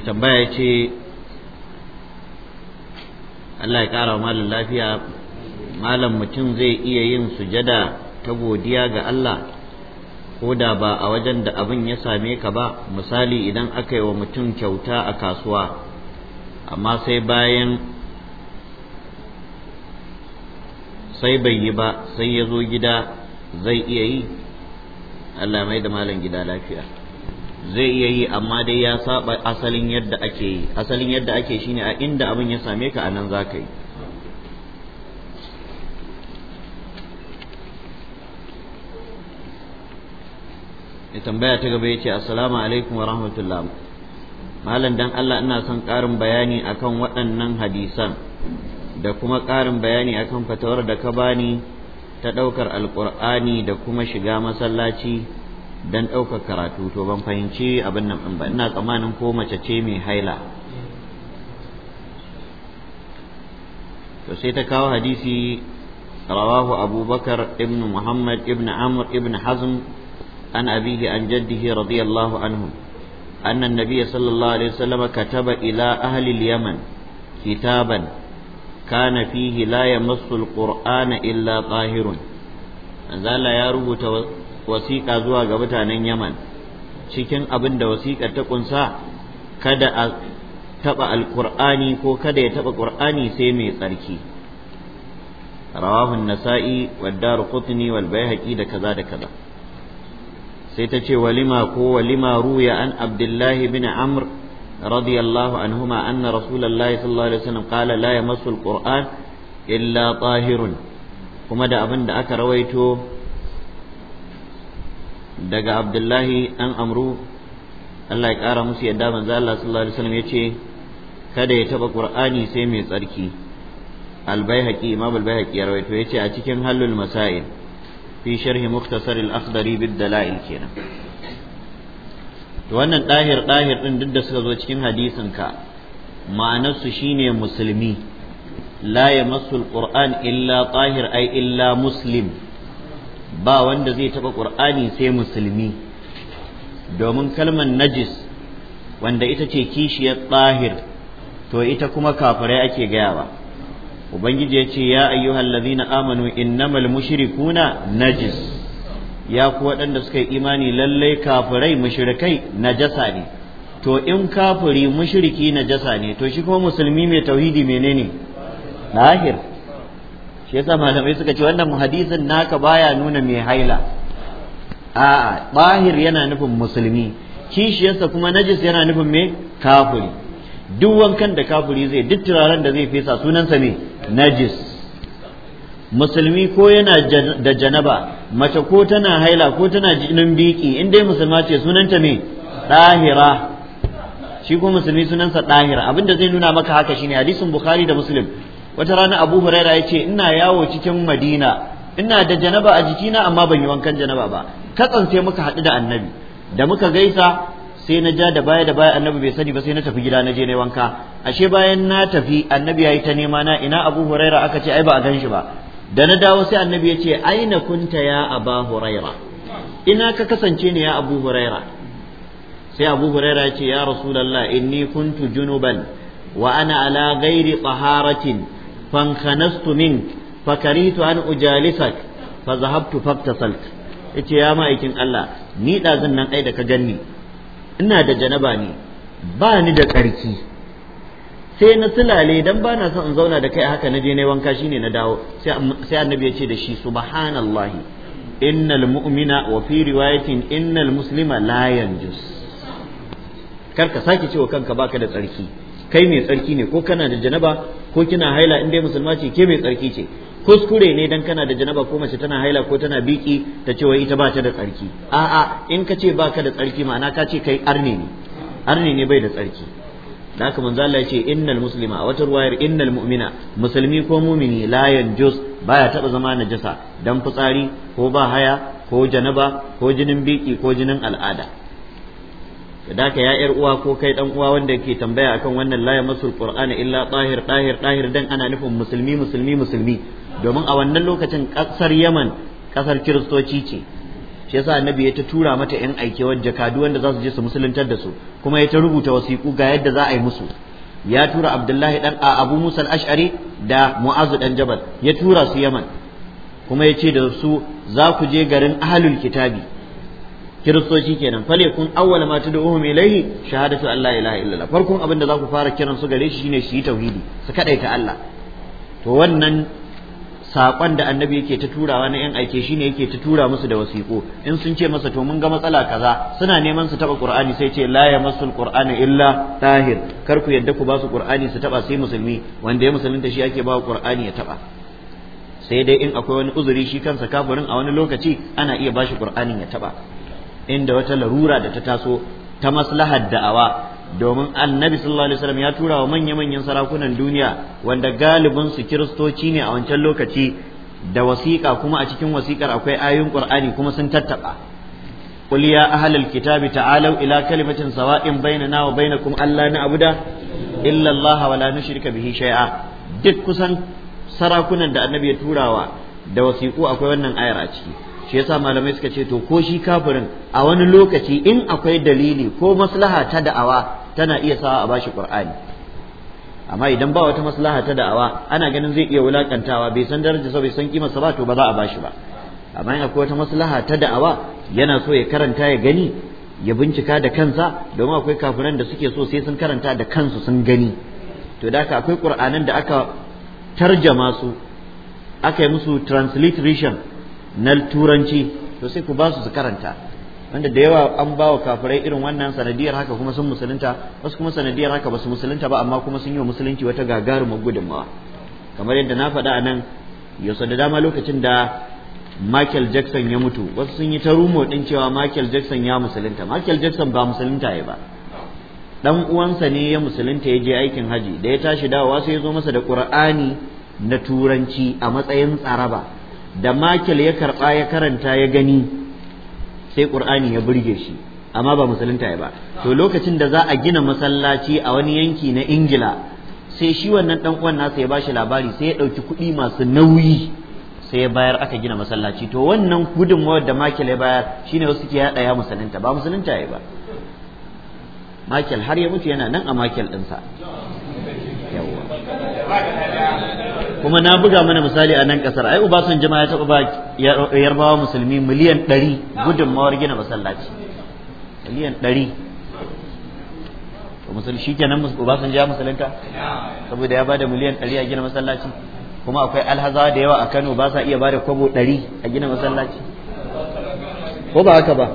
mai tambaya ya ce Allah ya ƙara wa malin lafiya malam mutum zai iya yin sujada ta godiya ga Allah ko da ba a wajen da abin ya same ka ba misali idan aka yi wa mutum kyauta a kasuwa amma sai bayan sai bai yi ba sai ya zo gida zai iya yi Allah mai da malam gida lafiya zai iya yi amma dai ya saba asalin yadda ake yi asalin yadda ake shine a inda abin ya same ka anan za ka yi ya tambaya ta gaba ya ce assalamu alaikum wa rahmatullah malam dan Allah ina son ƙarin bayani akan waɗannan hadisan da kuma ƙarin bayani akan fatawar da ka bani ta ɗaukar alƙur'ani da kuma shiga masallaci dan ɗaukar karatu to ban fahimci abin nan ba ina tsammanin ko mace ce mai haila to sai ta kawo hadisi rawahu abubakar ibn muhammad ibn amr ibn hazm an abihi an jaddihi radiyallahu anhu أن النبي صلى الله ila وسلم كتب إلى أهل اليمن كتابا كان فيه لا يمس القرآن إلا طاهر أنزال يا wasiƙa zuwa ga mutanen yaman cikin abin da wasiƙar ta ƙunsa kada a taɓa alƙur'ani ko kada ya taɓa ƙur'ani sai mai tsarki rawahun nasa'i Waddar rukutuni wal haƙi da kaza da kaza sai ta ce walima ko walima ruya an abdullahi bin amr radiyallahu anhuma anna rasulullahi sallallahu alaihi wasallam qala la yamassu alquran illa tahirun kuma da abin da aka rawaito daga abdullahi dan amru Allah ya ƙara musu yadda manzo Allah sallallahu alaihi wasallam yace kada ya taba qur'ani sai mai tsarki al-baihaqi imam al-baihaqi ya rawaito yace a cikin halul masail fi sharhi mukhtasar al-akhdari bid dalail kenan to wannan dahir dahir din duk da suka zo cikin hadisin ka ma'anar su shine musulmi la yamassu al-qur'an illa tahir ay illa muslim ba wanda zai taɓa ƙur'ani sai musulmi domin kalmar najis wanda ita ce kishiyar Ɗahir, to ita kuma kafirai ake gayawa ubangiji ya ce ya ayyuhal ladhina amanu innamal mushrikuna najis ya ku waɗanda suka yi imani lallai kafirai mushrikai najasa ne to in kafiri mushriki najasa ne to shi kuma musulmi mai tauhidi menene lahir shi yasa malamai suka ce wannan hadisin naka baya nuna mai haila a'a bahir yana nufin musulmi kishiyarsa kuma najis yana nufin mai kafiri duk wankan da kafiri zai duk turaren da zai fesa sunansa ne najis musulmi ko yana da janaba mace ko tana haila ko tana jinin biki in dai musulma ce sunanta ne? ɗahira shi ko musulmi sunansa ɗahira abinda zai nuna maka haka shine hadisin bukhari da muslim wata rana abu huraira ya ce ina yawo cikin madina ina da janaba a jikina amma ban yi wankan janaba ba katsan sai muka haɗu da annabi da muka gaisa sai na ja da baya da baya annabi bai sani ba sai na tafi gida na je na wanka ashe bayan na tafi annabi ya yi ta nema na ina abu huraira aka ce ai ba a gan shi ba da na dawo sai annabi ya ce aina kunta ya aba huraira ina ka kasance ne ya abu huraira sai abu huraira ya ce ya rasulallah inni kuntu junuban wa ana ala ghairi taharatin fankanastu min fakaritu an ujalisak fa zahabtu yace ya ma'aikin Allah ni dazun nan ai da ka ganni ina da janaba ne ba ni da tsarki sai na sulale dan ba na son in zauna da kai haka na je na wanka shine na dawo sai annabi ya ce da shi subhanallahi innal mu'mina wa fi riwayatin innal muslima la yanjus kar ka sake cewa kanka baka da tsarki kai mai tsarki ne ko kana da janaba ko kina haila in dai musulma ce ke mai tsarki ce kuskure ne dan kana da janaba ko mace tana haila ko tana biki ta ce wai ita ba ta da tsarki a'a in ka ce ka da tsarki ma'ana ka ce kai arne ne arne ne bai da tsarki da haka manzo Allah ya ce innal muslima a wata ruwayar innal mu'mina musulmi ko mumini la yanjus baya taba zama najasa dan fitsari ko ba haya ko janaba ko jinin biki ko jinin al'ada da ka ya yar uwa ko kai dan uwa wanda yake tambaya akan wannan la yamasul qur'ana illa tahir tahir tahir dan ana nufin musulmi musulmi musulmi domin a wannan lokacin kasar Yaman kasar kiristoci ce shi yasa annabi ya ta tura mata yan aike wajen kadu wanda za su je su musuluntar da su kuma ya ta rubuta wasiku ga yadda za a yi musu ya tura Abdullahi dan a Abu musal ashari da Mu'azu dan Jabal ya tura su Yaman kuma ya ce da su za ku je garin ahlul kitabi kiristoci kenan fale kun awwala ma tud'uhum ilayhi shahadatu an la ilaha illallah farkon abin da zaku fara kiran su gare shi shine shi tauhidi su kadaita Allah to wannan sakon da annabi yake ta turawa na yan aike shine yake ta tura musu da wasiƙo in sun ce masa to mun ga matsala kaza suna neman su taba qur'ani sai ce la yamassul qur'ana illa tahir kar ku yadda ku ba su qur'ani su taba sai musulmi wanda ya musulunta shi ake ba qur'ani ya taba sai dai in akwai wani uzuri shi kansa kafirin a wani lokaci ana iya bashi qur'anin ya taba inda wata larura da ta taso ta maslahar da'awa domin annabi sallallahu alaihi wasallam ya tura wa manya-manyan sarakunan duniya wanda galibin su kiristoci ne a wancan lokaci da wasiƙa kuma a cikin wasiƙar akwai ayoyin qur'ani kuma sun tattaba قل kitabi ta'alu ila kalimatin sawa'in bainana wa bainakum alla na'budu illa allaha wa la nushrika bihi shay'a duk kusan sarakunan da annabi ya turawa da wasiƙu akwai wannan ayar a ciki shi yasa malamai suka ce to ko shi kafirin a wani lokaci in akwai dalili ko maslaha ta da'awa tana iya sawa a bashi qur'ani amma idan ba wata maslaha ta da'awa ana ganin zai iya wulakantawa bai san darajarsa bai san kimarsa ba to ba za a bashi ba amma in akwai wata maslaha ta da'awa yana so ya karanta ya gani ya bincika da kansa domin akwai kafiran da suke so sai sun karanta da kansu sun gani to da haka akwai qur'anan da aka tarjama su aka yi musu transliteration na turanci to sai ku ba su su karanta wanda da yawa an ba wa kafirai irin wannan sanadiyar haka kuma sun musulunta wasu kuma sanadiyar haka ba su musulunta ba amma kuma sun yi wa musulunci wata gagarumar gudunmawa kamar yadda na faɗa a nan yau da dama lokacin da Michael Jackson ya mutu wasu sun yi ta rumo din cewa Michael Jackson ya musulunta Michael Jackson ba musulunta ya ba dan uwansa ne ya musulunta ya je aikin hajji da ya tashi dawowa sai ya zo masa da Qur'ani na turanci a matsayin tsaraba da makil ya karɓa ya karanta ya gani sai ƙur'ani ya burge shi amma ba musulunta ya ba to lokacin da za a gina masallaci a wani yanki na ingila sai shi wannan dan uwan nasa ya ba shi labari sai ya ɗauki kuɗi masu nauyi sai ya bayar aka gina masallaci to wannan gudunmawar da makil ya bayar shine wasu ke yaɗa ya musulunta ba musulunta ya ba makil har ya mutu yana nan a makil ɗinsa yawwa kuma na buga mana misali a nan kasar ai ubasan jama'a ya taɓa ba yarbawa musulmi miliyan ɗari mawar gina masallaci miliyan ɗari to musulmi shi kenan ubasan ja musulunta saboda ya bada miliyan ɗari a gina masallaci kuma akwai alhazawa da yawa a kano ba sa iya bada kwabo ɗari a gina masallaci ko ba haka ba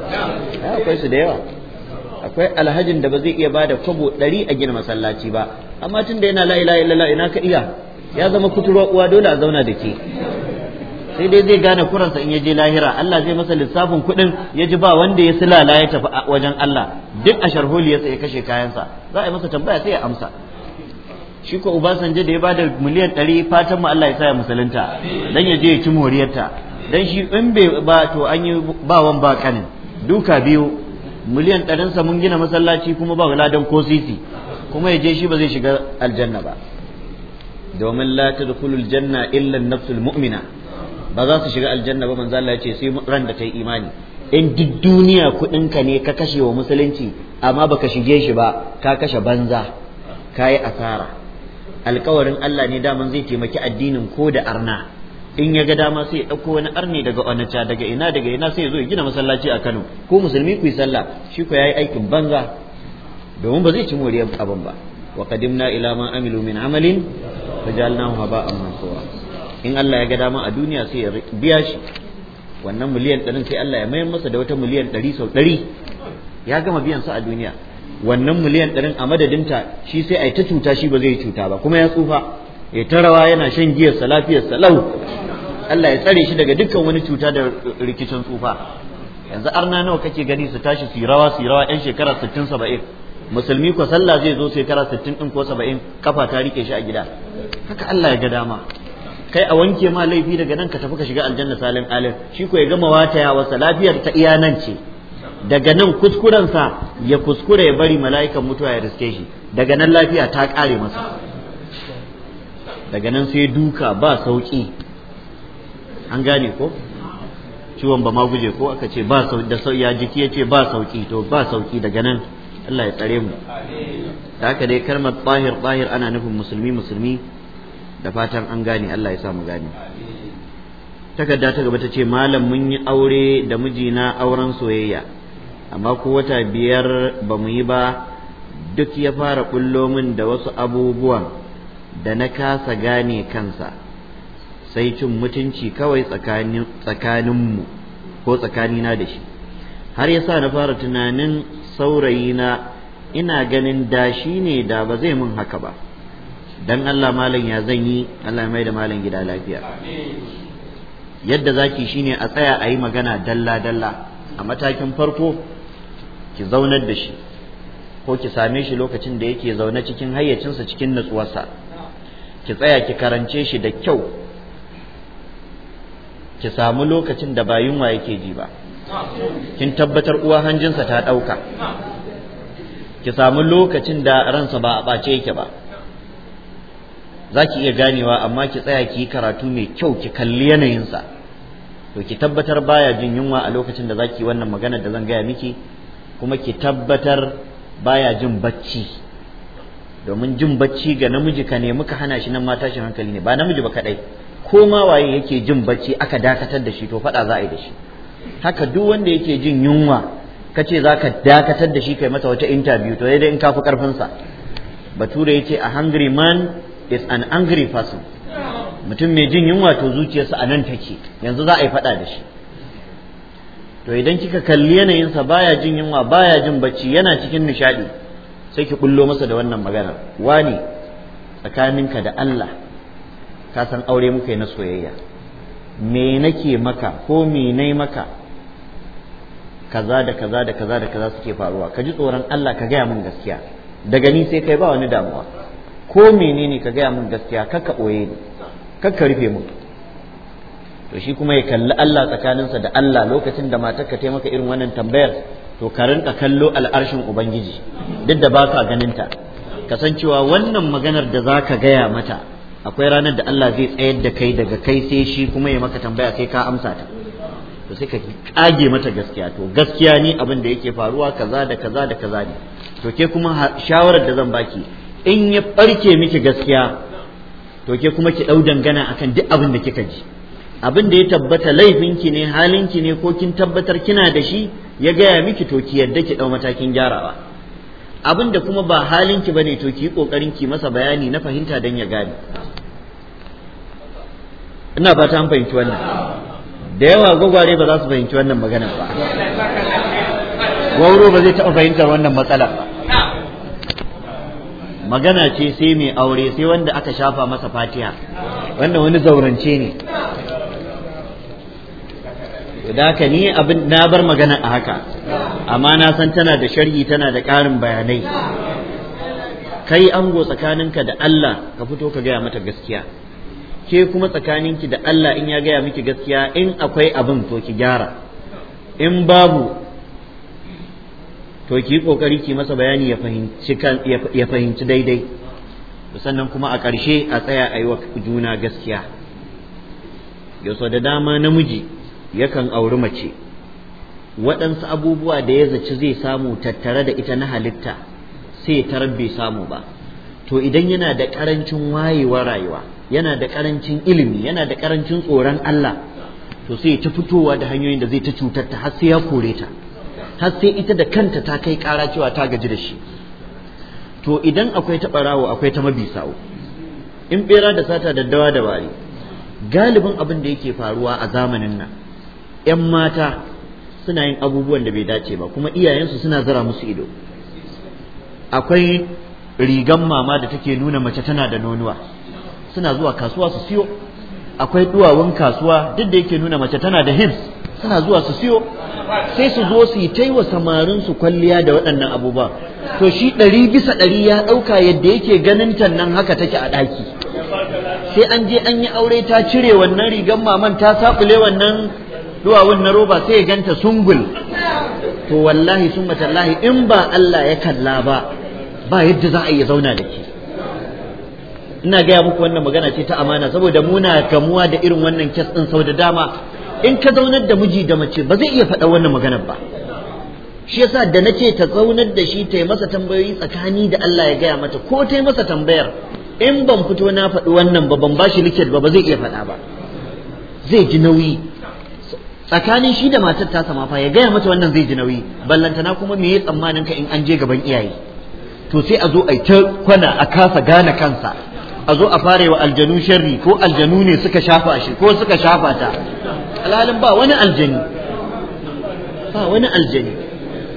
akwai su da yawa akwai alhajin da ba zai iya bada kwabo ɗari a gina masallaci ba amma tun da yana la ilaha illallah ina ka iya ya zama kuturwar uwa dole a zauna da ke sai dai zai gane kuransa in ya je lahira Allah zai masa lissafin kuɗin ya ji ba wanda ya lala ya tafi wajen Allah duk a sharholi ya tsaye kashe kayansa za a yi masa tambaya sai ya amsa shi ko Obasanjo da ya bada miliyan ɗari fatan mu Allah ya sa ya musulunta dan ya je ya ci moriyarta dan shi in bai ba to an yi bawan ba kanin duka biyu miliyan ɗarinsa mun gina masallaci kuma ba ladan ko sisi kuma ya je shi ba zai shiga aljanna ba domin la tadkhulul janna illa an-nafsul mu'mina ba za su shiga aljanna ba manzo Allah ya ce sai ran da ta yi imani in duk duniya kuɗinka ne ka kashe wa musulunci amma baka shige shi ba ka kashe banza ka asara alkawarin Allah ne daman zai taimaki addinin ko da arna in ya ga dama sai ya ɗauko wani arni daga onacha daga ina daga ina sai ya zo ya gina masallaci a Kano ko musulmi ku yi sallah shi ku yayi aikin banza domin ba zai ci moriyar abin ba wa qadimna ila ma amilu min amalin fajalnahu haba'an mansura in Allah ya ga dama a duniya sai ya biya shi wannan miliyan ɗarin sai Allah ya mayar masa da wata miliyan ɗari sau ɗari ya gama biyan sa a duniya wannan miliyan ɗarin a madadin ta shi sai a yi ta cuta shi ba zai yi cuta ba kuma ya tsufa ya ta rawa yana shan giyarsa lafiyarsa lau Allah ya tsare shi daga dukkan wani cuta da rikicin tsufa yanzu arna nawa kake gani su tashi su yi rawa su rawa 'yan shekara sittin saba'in musulmi ko sallah zai zo shekara 60 din ko 70 kafa ta rike shi a gida haka Allah ya ga dama kai a wanke ma laifi daga nan ka tafi ka shiga aljanna salim alim shi ko ya gama wataya wasa lafiyar ta iya nan ce daga nan sa ya kuskure ya bari mala'ikan mutuwa ya riske shi daga nan lafiya ta kare masa daga nan sai duka ba sauki an gane ko ciwon ba ma guje ko aka ce ba sauki da ya jiki ya ce ba sauki to ba sauki daga nan Allah ya tsare mu da haka dai kalmar tsahir tsahir ana nufin musulmi musulmi da fatan an gane Allah ya sa mu gane takarda ta gaba ta ce malam mun yi aure da mijina auren soyayya amma ko wata biyar ba mu yi ba duk ya fara kullo min da wasu abubuwan da na kasa gane kansa sai cin mutunci kawai tsakaninmu ko tsakanina da shi har ya sa na fara tunanin saurayina ina ganin da shi ne da ba zai mun haka ba dan Allah malam ya zan yi Allah mai da malam gida lafiya yadda zaki shine a tsaya a yi magana dalla dalla a matakin farko ki zaunar da shi ko ki same shi lokacin da yake zaune cikin hayyacinsa cikin natsuwarsa ki tsaya ki karance shi da kyau ki samu lokacin da ba yunwa yake ji ba kin tabbatar uwa hanjinsa ta ɗauka ki samu lokacin da ransa ba a ɓace yake ba za ki iya ganewa amma ki tsaya ki yi karatu mai kyau ki kalli yanayinsa to ki tabbatar baya jin yunwa a lokacin da za ki wannan maganar da zan gaya miki kuma ki tabbatar baya jin bacci domin jin bacci ga namiji ka ne muka hana shi nan ma tashin hankali ne ba namiji ba kaɗai ko ma waye yake jin bacci aka dakatar da shi to faɗa za a yi da shi haka duk wanda yake jin yunwa ka ce za ka dakatar da shi kai masa wata interview to dai in kafi karfin sa bature yace a hungry man is an angry person mutum mai jin yunwa to zuciyarsa anan take yanzu za a yi faɗa da shi to idan kika kalli yanayinsa baya jin yunwa baya jin bacci yana cikin nishaɗi sai ki kullo masa da wannan magana wani tsakaninka da Allah ka san aure muka yi na soyayya me nake maka ko me nai maka kaza da kaza da kaza da kaza suke faruwa ka ji tsoron Allah ka gaya min gaskiya daga ni sai kai ba wani damuwa ko menene ka gaya min gaskiya kakka ɓoye ni kakka rufe mu to shi kuma ya kalli Allah tsakaninsa da Allah lokacin da matarka ka taimaka irin wannan tambayar to ka rinka kallo al'arshin ubangiji duk da ba ka ganinta kasancewa wannan maganar da za ka gaya mata akwai ranar da Allah zai tsayar da kai daga kai sai shi kuma ya maka tambaya kai ka amsa ta to sai ka kage mata gaskiya to gaskiya ni abin da yake faruwa kaza da kaza da kaza ne to ke kuma shawarar da zan baki in ya barke miki gaskiya to ke kuma ki dau dangana akan duk abin da kika ji abin da ya tabbata laifin ki ne halinki ne ko kin tabbatar kina da shi ya gaya miki to ki yadda ki dau matakin gyarawa abin da kuma ba halinki bane to ki kokarin ki masa bayani na fahimta dan ya gane ina ba ta fahimci wannan da yawa gwagware ba za su fahimci wannan magana ba gwauro ba zai taɓa fahimtar wannan matsalar ba magana ce sai mai aure sai wanda aka shafa masa fatiya wannan wani zaurance ne da haka ni abin na bar magana a haka amma na san tana da sharhi tana da ƙarin bayanai kai ango tsakaninka da Allah ka fito ka gaya mata gaskiya ke kuma tsakaninki da Allah in ya gaya miki gaskiya in akwai abin to ki gyara in babu to ki kokari ki masa bayani ya fahimci ya fahimci daidai sannan kuma a ƙarshe a tsaya a yi wa juna gaskiya yaso da dama namiji yakan auri mace waɗansu abubuwa da ya zaci zai samu tattare da ita na halitta sai tarar bai samu ba to idan yana da ƙarancin wayewar rayuwa yana da karancin ilimi yana da karancin tsoron Allah to sai ya ta fitowa da hanyoyin da zai ta cutar ta har sai ya kore ta har sai ita da kanta ta kai kara cewa ta gaji da shi to idan akwai ta barawo akwai ta mabisa'u in bera da sata daddawa da wari galibin abin da yake faruwa a zamanin nan 'yan mata suna yin abubuwan da bai dace ba kuma iyayensu suna zara musu ido akwai rigan mama da take nuna mace tana da nonuwa suna zuwa kasuwa su siyo akwai duwawun kasuwa duk da yake nuna mace tana da hims suna zuwa su siyo sai su zo su yi ta wa samarin su kwalliya da waɗannan abubuwa to shi ɗari bisa ɗari ya ɗauka yadda yake ganin can nan haka take a ɗaki sai an je an yi aure ta cire wannan rigan maman ta saƙule wannan duwawun na roba sai ya ganta sungul to wallahi sun in ba Allah ya kalla ba ba yadda za a iya zauna da ke ina gaya muku wannan magana ce ta amana saboda muna kamuwa da irin wannan kes ɗin sau da dama in ka zaunar da miji da mace ba zai iya faɗa wannan maganar ba shi yasa da nace ta zaunar da shi ta yi masa tambayoyi tsakani da Allah ya gaya mata ko ta yi masa tambayar in ban fito na faɗi wannan ba ban ba shi likit ba ba zai iya faɗa ba zai ji nauyi tsakanin shi da matar ta sama fa ya gaya mata wannan zai ji nauyi ballantana kuma me ya tsammanin ka in an je gaban iyaye to sai a zo a ta kwana a kasa gane kansa a zo a fare wa aljanu sharri ko aljanu ne suka shafa shi ko suka shafa ta alhalin ba wani aljani ba wani aljani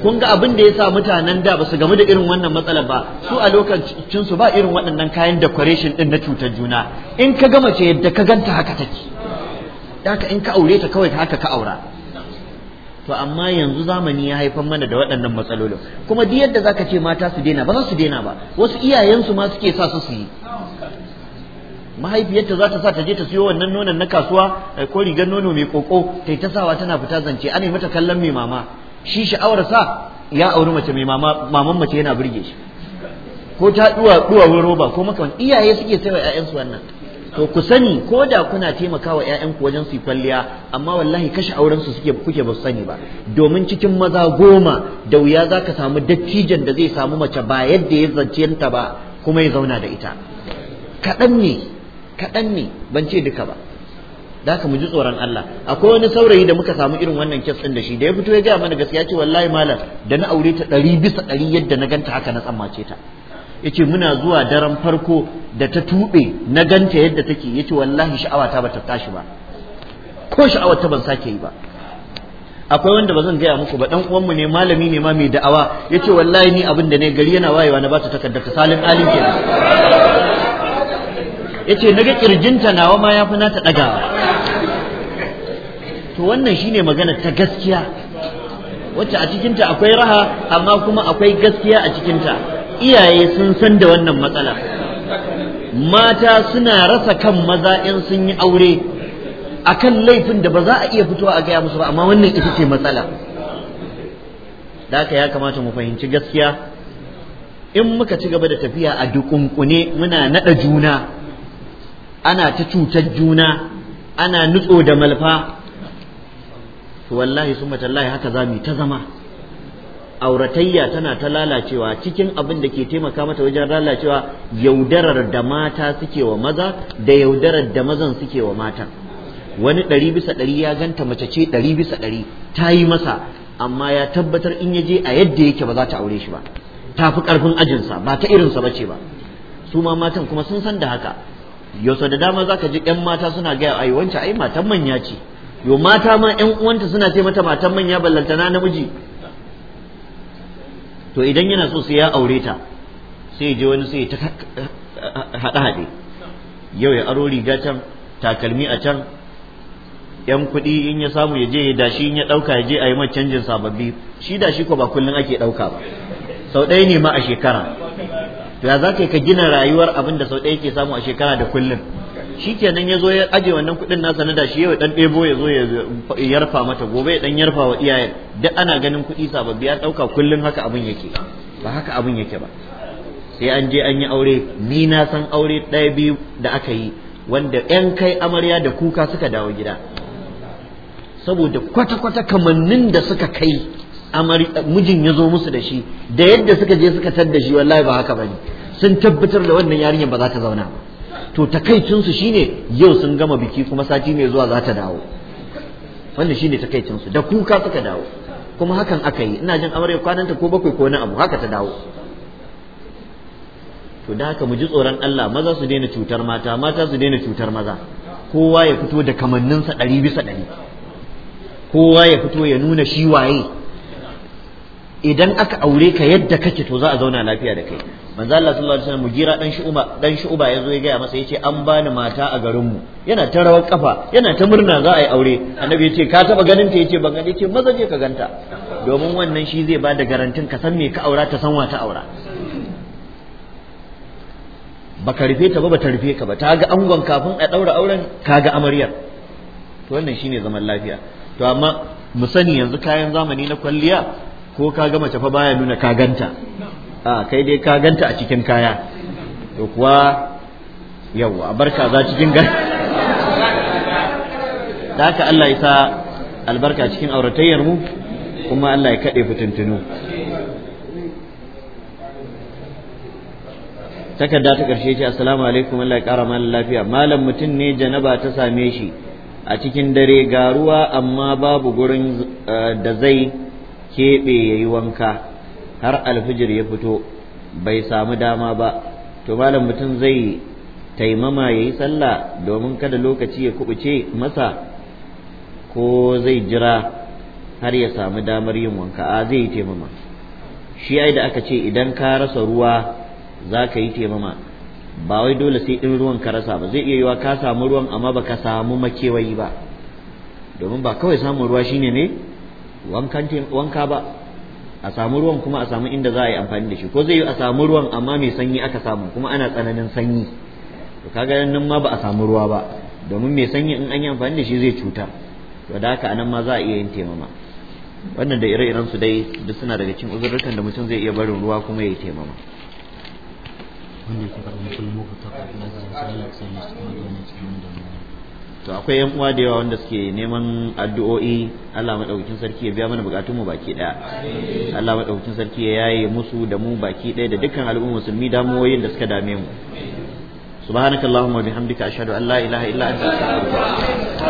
kun ga abin da ya sa mutanen da ba su gamu da irin wannan matsala ba su a lokacin su ba irin waɗannan kayan decoration din na cutar juna in ka gama ce yadda ka ganta haka take haka in ka aure ta kawai haka ka aura to amma yanzu zamani ya haifar mana da waɗannan matsalolin kuma duk yadda zaka ce mata su daina ba za su daina ba wasu iyayensu ma suke sa su su yi mahaifiyarta za ta sa ta je ta siyo wannan nonon na kasuwa eh, ko rigar nono mai koko ta ta sawa tana fita zance ana mata kallon mai mama shi sha'awar sa ya auri mace mai mama maman mace yana burge shi ko ta duwa duwa roba ko makaman iyaye suke sai wa ƴaƴansu wannan to ku sani ko da kuna taimakawa 'ya'yanku wajen su kwalliya amma wallahi kashe auren su suke kuke ba su sani ba domin cikin maza goma da wuya zaka samu dattijan da zai samu mace ba yadda ya zance zanciyanta ba kuma ya zauna da ita kaɗan ne kaɗan ne ban ce duka ba da haka mu ji tsoron Allah akwai wani saurayi da muka samu irin wannan kes ɗin da shi da ya fito ya gaya mana gaskiya ce wallahi malam da na aure ta ɗari bisa ɗari yadda na ganta haka na tsammace ta yace muna zuwa daren farko da ta tuɓe na ganta yadda take ya yace wallahi sha'awa ta bata tashi ba ko sha'awa ta ban sake yi ba akwai wanda bazan zan gaya muku ba dan uwanmu ne malami ne ma mai da'awa ce wallahi ni abin da ne gari yana wayewa na ba ta takardar ta salin alin kenan ya yace naga kirjinta nawa ma yafi nata ɗagawa to wannan shine magana ta gaskiya wacce a cikinta akwai raha amma kuma akwai gaskiya a cikinta iyaye sun san da wannan matsala mata suna rasa kan maza in sun yi aure akan laifin da ba za a iya fitowa a gaya musu ba amma wannan ita ce matsala da ya kamata mu fahimci gaskiya in muka ci gaba da tafiya a dukunkune muna naɗa juna ana ta cutar juna ana nutso da malfa to wallahi sun tallahi haka za mu ta zama auratayya tana ta lalacewa cikin abin da ke taimaka mata wajen lalacewa yaudarar da mata suke wa maza da yaudarar da mazan suke wa mata wani ɗari bisa ɗari ya ganta mace ce ɗari bisa ɗari ta yi masa amma ya tabbatar in ya je a yadda yake ba za ta aure shi ba ta fi ƙarfin ajinsa ba ta irinsa ba ce ba su ma matan kuma sun san da haka yau da dama za ka ji 'yan mata suna gaya ai wancan ai matan manya ce yo mata ma ƴan uwanta suna ce mata matan manya ballantana namiji to idan yana so sai ya aure ta sai je wani sai ta haɗe haɗe yau ya aro riga can takalmi a can yan kuɗi in ya samu ya je ya dashi in ya ɗauka ya je a yi canjin sababbi shi dashi ko ba kullum ake ɗauka ba sau ɗaya ne ma a shekara ya za ka gina rayuwar abin da sau ɗaya ke samu a shekara da kullum shi kenan ya zo ya aje wannan kuɗin nasa na dashi yau ɗan ɗebo ya zo ya yarfa mata gobe ya dan yarfa wa iyayen duk ana ganin kuɗi sababbi ya ɗauka kullum haka abin yake ba haka abin yake ba sai an je an yi aure ni na san aure ɗaya biyu da aka yi wanda ‘yan kai amarya da kuka suka dawo gida saboda kwata-kwata kamannin da suka kai mijin ya zo musu da shi da yadda suka je suka da shi wallahi ba haka bane sun tabbatar da wannan yarinyar ba za ta zauna ba to takaicinsu shine yau sun gama biki kuma sati mai zuwa za ta dawo wannan shine takaicinsu da kuka suka dawo kuma hakan aka yi ina jin amarya ta ko bakwai ko wani abu haka ta dawo to da haka mu ji tsoron Allah maza su daina cutar mata mata su daina cutar maza kowa ya fito da kamanninsa ɗari bisa ɗari kowa ya fito ya nuna shi waye idan aka aure ka yadda kake to za a zauna lafiya da kai manzo Allah sallallahu alaihi wasallam jira dan shu'ba dan shu'ba yazo ya gaya masa yace an bani mata a garin mu yana ta rawar kafa yana ta murna za a yi aure annabi yace ka taba ganin ta yace ban gani yace maza je ka ganta domin wannan shi zai bada garantin ka san me ka aura ta san wa ta aura baka rufe ta ba bata rufe ka ba ta ga angon kafin a daura auren ka ga amaryar to wannan shine zaman lafiya to amma mu sani yanzu kayan zamani na kwalliya ko ka ga mace fa baya nuna ka ganta a kai dai ka ganta a cikin kaya to kuwa yau a barka za cikin gar da haka Allah ya sa albarka cikin auratayyar mu kuma Allah ya kaɗe fitintinu takarda ta ƙarshe ce assalamu alaikum Allah ya ƙara malam lafiya malam mutum ne janaba ta same shi a cikin dare ga ruwa amma babu gurin eh, da zai keɓe ya yi wanka har alfijir ya fito bai samu dama ba to malam mutum zai taimama ya yi sallah domin kada lokaci ya kubuce masa ko zai jira har ya samu damar yin wanka a zai yi taimama shi ai da aka ce idan ka rasa ruwa za ka yi taimama ba wai dole sai ɗin ruwan ka rasa ba zai iya yiwa ka samu ruwan amma ba ka samu makewayi ba domin ba kawai samun ruwa shine ne wanka ba a samu ruwan kuma a samu inda za a yi amfani da shi ko zai yi a samu ruwan amma mai sanyi aka samu kuma ana tsananin sanyi to kaga nan ma ba a samu ruwa ba domin mai sanyi in an yi amfani da shi zai cuta to da haka anan ma za a iya yin taimama wannan da ire-iren su dai duk suna daga cikin uzurrukan da mutum zai iya barin ruwa kuma ya yi taimama wannan yake karɓar kullum ko ta karɓar da zai sanar da cikin da to akwai yan uwa da yawa wanda suke neman addu'o'i Allah madaukakin sarki ya biya mana bukatun mu baki daya Allah madaukakin sarki ya yaye musu da mu baki daya da dukkan al'umma musulmi damuwoyin da suka dame mu subhanakallahumma wa bihamdika ashhadu an la ilaha illa anta astaghfiruka